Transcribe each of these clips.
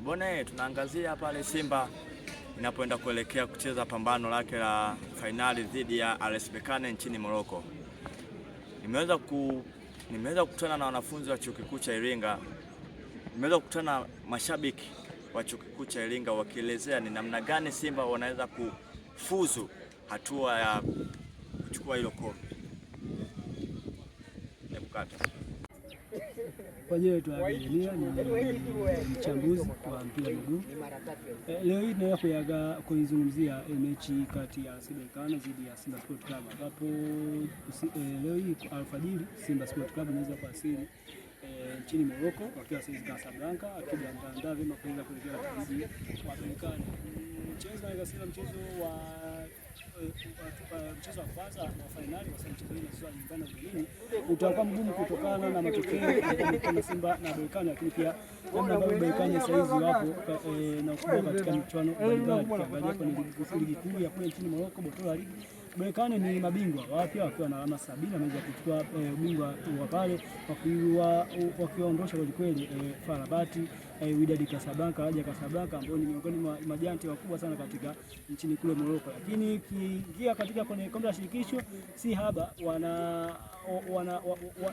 E bwana, tunaangazia pale Simba inapoenda kuelekea kucheza pambano lake la fainali dhidi ya RS Berkane nchini Morocco. Nimeweza ku nimeweza kukutana na wanafunzi wa chuo kikuu cha Iringa, nimeweza kukutana na mashabiki wa chuo kikuu cha Iringa wakielezea ni namna gani Simba wanaweza kufuzu hatua ya kuchukua hilo kombe. Hebu kata kwa ajili tu Tanzania ni mchambuzi wa mpira miguu. Eh, leo hii tunaenda kuyaga kuizungumzia eh, mechi kati ya Simba Ikana dhidi ya Simba Sport Club ambapo eh, leo hii alfajiri Simba Sport Club inaweza kuasili nchini Morocco wakiwa saizi Casablanca, akijiandaa vyema kuweza kuelekea Wapelekane mchezo mchezo wa mchezo wa kwanza wa fainali nyumbani utakuwa mgumu kutokana na matokeo na Simba na Berkane, lakini pia namna ambavyo Berkane saizi wapo eh, eh, na ukubwa katika michuano mbalimbali. Ukiangalia kwenye ligi kuu ya kule nchini Morocco, Botola ligi Berkane ni mabingwa wapya wakiwa na alama sabini, wameweza kuchukua eh, ubingwa wa pale wakiwaondosha kwelikweli Farabati eh, Wydad Casablanca, Raja Casablanca ambao ni miongoni mwa majanti wakubwa sana katika nchini kule Morocco, lakini kiingia katika kwenye kombe la shirikisho si haba wana wana,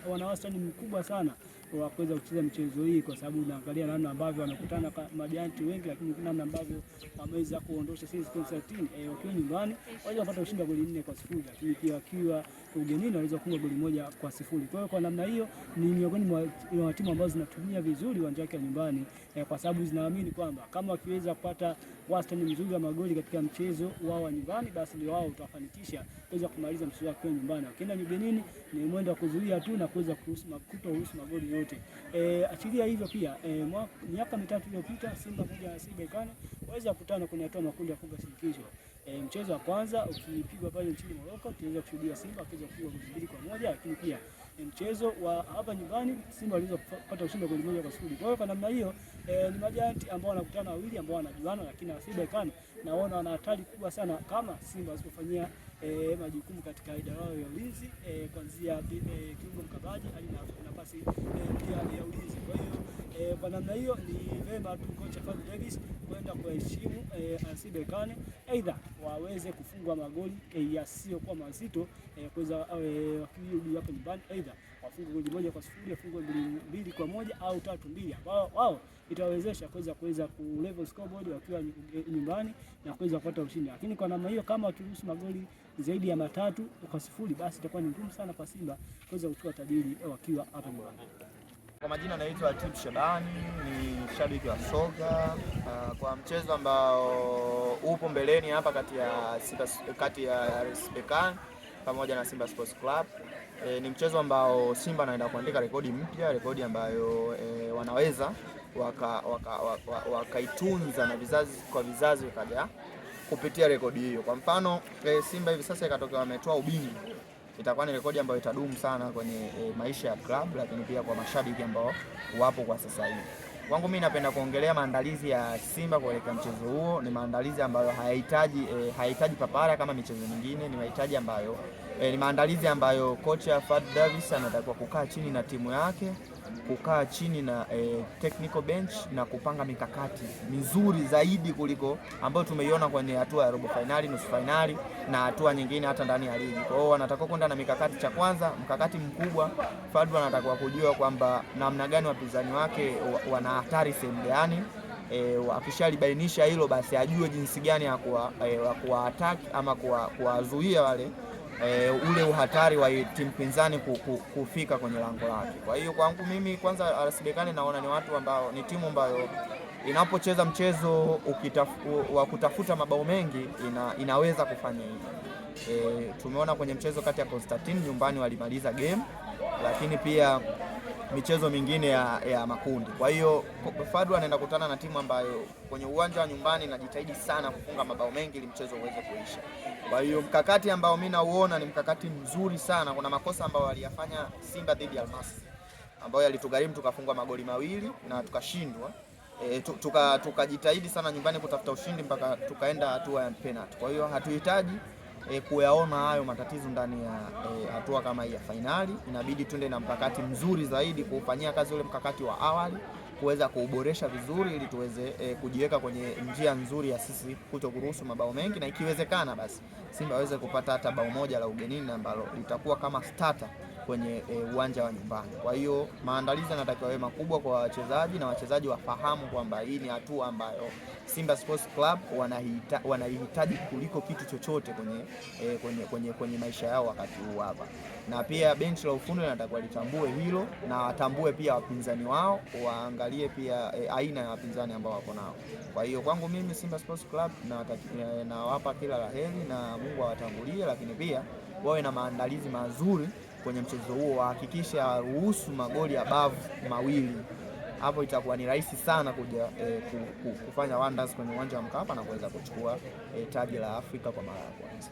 wana wastani mkubwa sana wa kuweza kucheza mchezo hii, kwa sababu unaangalia namna ambavyo wanakutana kwa majanti wengi, lakini namna ambavyo wameweza kuondosha Singida Constantine eh, wakiwa nyumbani waweza kupata ushindi wa goli nne kwa sifuri, lakini pia wakiwa ugenini waweza kufunga goli moja kwa sifuri. Kwa hiyo kwa namna hiyo ni miongoni mwa timu ambazo zinatumia vizuri uwanja wake wa nyumbani eh, kwa sababu zinaamini kwamba kama wakiweza kupata wastani mzuri wa magoli katika mchezo wao wa nyumbani, basi ndio wao utafanikisha kuweza kumaliza mchezo wake nyumbani. Akienda ugenini ni mwendo wa kuzuia tu na kuweza kutoruhusu magoli yote. E, achilia hivyo pia e, miaka mitatu iliyopita Simba pamoja na Simba Ikane waweza kukutana kwenye hatua makundi ya kufuga shirikisho. E, mchezo wa kwanza ukipigwa pale nchini Morocco tunaweza kushuhudia Simba akiweza kupigwa goli mbili kwa moja, lakini pia e, mchezo wa hapa nyumbani Simba waliweza kupata ushindi goli moja kwa sifuri. Kwa hiyo kwa namna hiyo e, ni majanti ambao wanakutana wawili ambao wanajuana, lakini Simba Ikane naona wana hatari kubwa sana kama Simba wasipofanyia e, majukumu katika idara yao ya ulinzi e, kuanzia e, kiungo mkabaji hadi nafasi pia e, ya ulinzi. Kwa hiyo e, kwa namna hiyo ni vema tu kocha Fadlu Davis kwenda waheshimu e, eh, RC Berkane, aidha waweze kufungwa magoli e, yasiyokuwa mazito e, kuweza wakirudi hapo nyumbani, aidha wafunge goli moja kwa sifuri, wafunge goli mbili kwa moja au tatu mbili, ambao wao itawezesha kuweza kuweza ku level scoreboard wakiwa nyumbani na kuweza kupata ushindi. Lakini kwa namna hiyo, kama wakiruhusu magoli zaidi ya matatu kwa sifuri, basi itakuwa ni ngumu sana kwa Simba kuweza kuchukua tajiri wakiwa hapo nyumbani. Kwa majina naitwa Tip Shabani, ni shabiki wa soka. Ah, kwa mchezo ambao upo mbeleni hapa kati ya Simba, kati ya RS Berkane pamoja na Simba Sports Club e, ni mchezo ambao Simba anaenda kuandika rekodi mpya, rekodi ambayo e, wanaweza wakaitunza waka, waka, waka na vizazi kwa vizazi vikaja kupitia rekodi hiyo. Kwa mfano e, Simba hivi sasa ikatokea wametoa ubingwa itakuwa ni rekodi ambayo itadumu sana kwenye e, maisha ya club, lakini pia kwa mashabiki ambao wapo kwa sasa hivi. Kwangu mimi napenda kuongelea maandalizi ya Simba kuelekea mchezo huo. Ni maandalizi ambayo hayahitaji e, hayahitaji papara kama michezo mingine, ni mahitaji ambayo e, ni maandalizi ambayo kocha Fad Davis anatakiwa kukaa chini na timu yake kukaa chini na e, technical bench na kupanga mikakati mizuri zaidi kuliko ambayo tumeiona kwenye hatua ya robo fainali, nusu fainali na hatua nyingine hata ndani ya ligi. Kwa hiyo wanatakiwa kwenda na mikakati, cha kwanza mkakati mkubwa, Fadlu anatakiwa kujua kwamba namna gani wapinzani wake wana hatari sehemu gani. E, eh, akishalibainisha hilo basi ajue jinsi gani ya kuwa e, kuwa attack ama kuwazuia wale e, ule uhatari wa timu pinzani kufika kwenye lango lake. Kwa hiyo kwangu mimi, kwanza RS Berkane naona ni watu ambao ni timu ambayo inapocheza mchezo wa kutafuta mabao mengi ina, inaweza kufanya hivyo. E, tumeona kwenye mchezo kati ya Constantine nyumbani walimaliza game, lakini pia michezo mingine ya, ya makundi. Kwa hiyo Fadu anaenda kutana na timu ambayo kwenye uwanja wa nyumbani inajitahidi sana kufunga mabao mengi ili mchezo uweze kuisha. Kwa hiyo mkakati ambao mimi nauona ni mkakati mzuri sana. Kuna makosa ambayo waliyafanya Simba dhidi ya Almasi ambayo yalitugharimu tukafungwa magoli mawili na tukashindwa. E, tukajitahidi tuka sana nyumbani kutafuta ushindi mpaka tukaenda hatua ya penalty. Kwa hiyo hatuhitaji e, kuyaona hayo matatizo ndani ya e, hatua e, kama hii ya fainali. Inabidi tuende na mkakati mzuri zaidi kuufanyia kazi ule mkakati wa awali kuweza kuuboresha vizuri ili tuweze e, kujiweka kwenye njia nzuri ya sisi kuto kuruhusu mabao mengi, na ikiwezekana basi Simba aweze kupata hata bao moja la ugenini ambalo litakuwa kama starter kwenye e, uwanja e, wa nyumbani. Kwa hiyo maandalizi yanatakiwa yawe makubwa kwa wachezaji na wachezaji wafahamu kwamba hii ni hatua ambayo Simba Sports Club wanahita, wanaihitaji kuliko kitu chochote kwenye, e, kwenye, kwenye, kwenye maisha yao wakati huu hapa, na pia benchi la ufundi linatakiwa litambue hilo na watambue pia wapinzani wao, waangalie pia e, aina ya wapinzani ambao wako nao. Kwa hiyo kwangu mimi Simba Sports Club e, nawapa na kila la heri na Mungu awatangulie, lakini pia wawe na maandalizi mazuri kwenye mchezo huo, wahakikishe ruhusu magoli ya bavu mawili hapo itakuwa ni rahisi sana kuja eh, kufanya wonders kwenye uwanja wa Mkapa na kuweza kuchukua e, taji la Afrika kwa mara ya kwanza.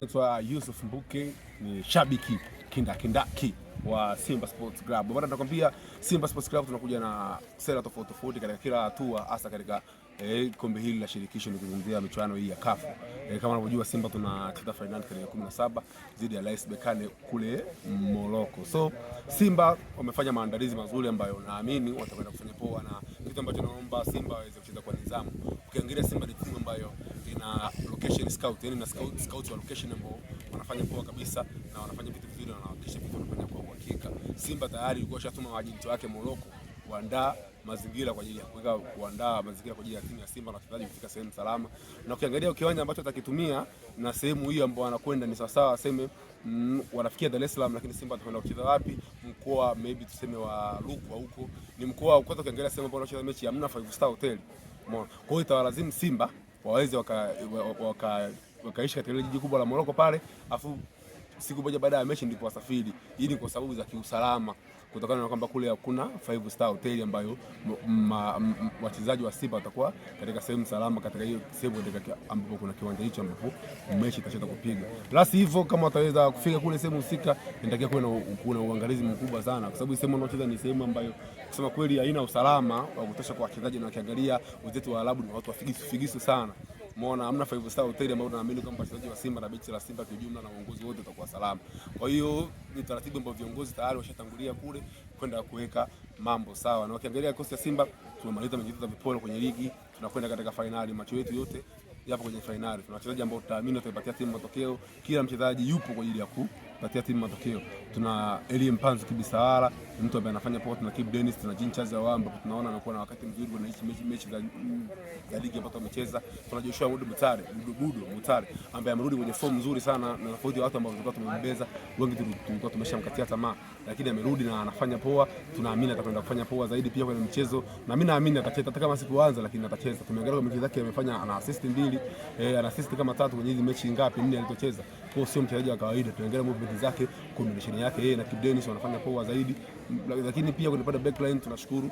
Naitwa Yusuf Mbuke, ni shabiki kindakindaki wa Simba Sports Club. Bwana, nakwambia Simba Sports Club tunakuja na sera tofauti tofauti katika kila hatua, hasa katika eh, kombe hili la shirikisho, nikizungumzia michuano hii ya CAF. Eh, kama unavyojua Simba tunacheza fainali tarehe 17 dhidi ya Rais Berkane kule Morocco. So Simba wamefanya maandalizi mazuri ambayo naamini watakwenda kufanya poa, na kitu ambacho naomba Simba waweze kucheza kwa nidhamu. Ukiangalia Simba ni timu ambayo ina location scout, yani na scout, scout wa location ambao wanafanya poa kabisa na wanafanya vitu vizuri na wanawakilisha vitu vizuri uhakika. Simba tayari ilikuwa shatuma wajiti wake Moroko kuandaa mazingira kwa ajili ya kuweka kuandaa mazingira kwa ajili ya timu ya Simba na wachezaji kufika sehemu salama, na ukiangalia kiwanja ambacho atakitumia na sehemu hiyo ambayo anakwenda ni sawasawa, aseme mm, wanafikia Dar es Salaam, lakini Simba atakwenda kucheza wapi? Mkoa maybe tuseme wa Rukwa huko ni mkoa. wa Kwanza ukiangalia sehemu ambayo anacheza mechi hamna five star hotel, umeona. Kwa hiyo itawalazimu Simba waweze wakaishi waka, waka, waka katika jiji kubwa la Moroko pale afu siku moja baada ya mechi ndipo wasafiri. Hii ni kwa sababu za kiusalama, kutokana na kwamba kule hakuna five star hoteli ambayo wachezaji wa Simba watakuwa katika sehemu salama, katika hiyo sehemu ambapo kuna kiwanja hicho ambapo mechi itacheza kupiga. Plus hivyo kama wataweza kufika kule sehemu husika, inatakiwa kuwe kuna uangalizi mkubwa sana, kwa sababu sehemu wanaocheza ni sehemu ambayo kusema kweli haina usalama wa kutosha kwa wachezaji, na wakiangalia wenzetu wa Arabu ni watu wafigisu figisu sana umeona amna five star hotel ambayo tunaamini kama wachezaji wa Simba na bichi la Simba kiujumla na uongozi wote utakuwa salama. Kwa hiyo ni taratibu ambayo viongozi tayari washatangulia kule kwenda kuweka mambo sawa, na wakiangalia kikosi cha Simba tumemaliza mechi za kwenye ligi, tunakwenda katika fainali, macho yetu yote yapo kwenye fainali. Tuna wachezaji ambao tutaamini wataipatia timu matokeo, kila mchezaji yupo kwa ajili ya ku tunapatia timu matokeo. Tuna Eli Mpanzu Kibisawala, mtu ambaye anafanya poa, tuna Kip Dennis, tuna Jean Chaza Wamba, tunaona anakuwa na wakati mzuri, wanaishi mechi mechi za ya mm, ligi ambazo amecheza. Tuna Joshua Mudu Mutare, Mudu Budu Mutare ambaye amerudi kwenye form nzuri sana na tofauti ya watu ambao tulikuwa tumembeza, wengi tulikuwa tumeshamkatia tamaa, lakini amerudi na anafanya poa. Tunaamini atakwenda kufanya poa zaidi pia kwenye mchezo. Na mimi naamini atacheza hata kama sipoanza, lakini atacheza. Tumeangalia kwa mechi zake amefanya ana assist mbili, eh, ana assist kama tatu kwenye hizi mechi ngapi nne alizocheza kwa sio mchezaji wa kawaida, tunaangalia movement zake, combination yake yeye na Kibu Denis wanafanya poa zaidi, lakini pia kwenye pande backline tunashukuru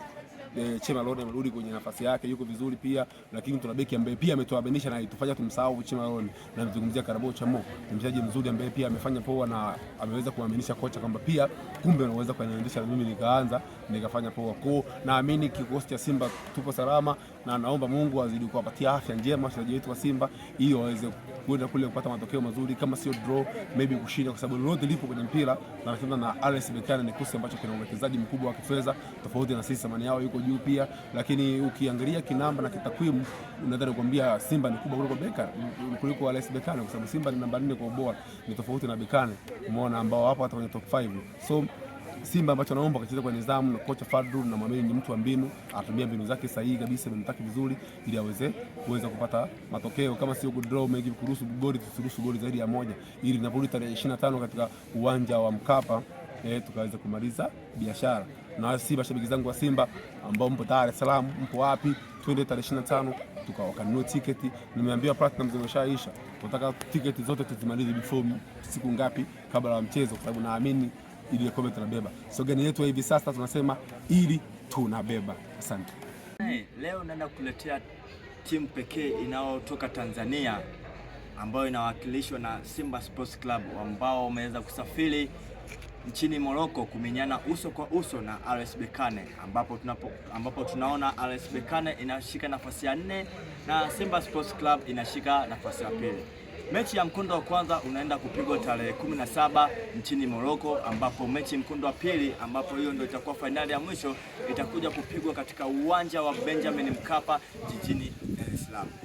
E, Chema Lone amerudi kwenye nafasi yake, yuko vizuri pia, lakini tuna beki ambaye pia ametoa benisha na itufanya tumsahau Chema Lone, na mzungumzia Karabo Chamo, ni mchezaji mzuri ambaye pia amefanya poa na ameweza kuaminisha kocha kwamba pia kumbe anaweza kuniendesha na mimi nikaanza nikafanya poa kuu. Naamini kikosi cha Simba tupo salama, na naomba Mungu azidi kuwapatia afya njema wachezaji wetu wa Simba ili waweze kuenda kule kupata matokeo mazuri, kama sio draw maybe kushinda, kwa sababu lolote lipo kwenye mpira. Na tunasema na RS Berkane ni kikosi ambacho kina uwekezaji mkubwa wa kifedha, tofauti na sisi, thamani yao yuko juu pia, lakini ukiangalia kinamba na kitakwimu, unadhani kuambia Simba ni kubwa kuliko Berkane, kuliko RS Berkane, kwa sababu Simba ni namba 4 kwa ubora, ni tofauti na Berkane, umeona ambao hapo hata kwenye top 5 so Simba ambacho anaomba akacheza kwa nidhamu na kocha Fadlu, na mwamini ni mtu wa mbinu, anatumia mbinu zake sahihi kabisa, mbinu zake vizuri, ili aweze kuweza kupata matokeo, kama sio draw mengi, kuruhusu goli, tusiruhusu goli zaidi ya moja, ili tunaporudi tarehe 25 katika uwanja wa Mkapa eh, tukaweza kumaliza biashara na si mashabiki zangu wa Simba ambao mpo Dar es Salaam, mpo wapi? Twende tarehe 25 tukawakanunua tiketi. Nimeambiwa Platinum zimeshaisha, tunataka tiketi zote tuzimalize before siku ngapi kabla ya mchezo, kwa sababu naamini iliyokuwa tunabeba. Slogan yetu hivi sasa tunasema ili tunabeba. Asante. Hey, leo naenda kukuletea timu pekee inayotoka Tanzania ambayo inawakilishwa na Simba Sports Club ambao wameweza kusafiri nchini Morocco kumenyana uso kwa uso na RS Berkane ambapo, tunapo, ambapo tunaona RS Berkane inashika nafasi ya nne na Simba Sports Club inashika nafasi ya pili. Mechi ya mkondo wa kwanza unaenda kupigwa tarehe 17 nchini Moroko, ambapo mechi mkondo wa pili, ambapo hiyo ndio itakuwa fainali ya mwisho, itakuja kupigwa katika uwanja wa Benjamin Mkapa jijini Dar es Salaam.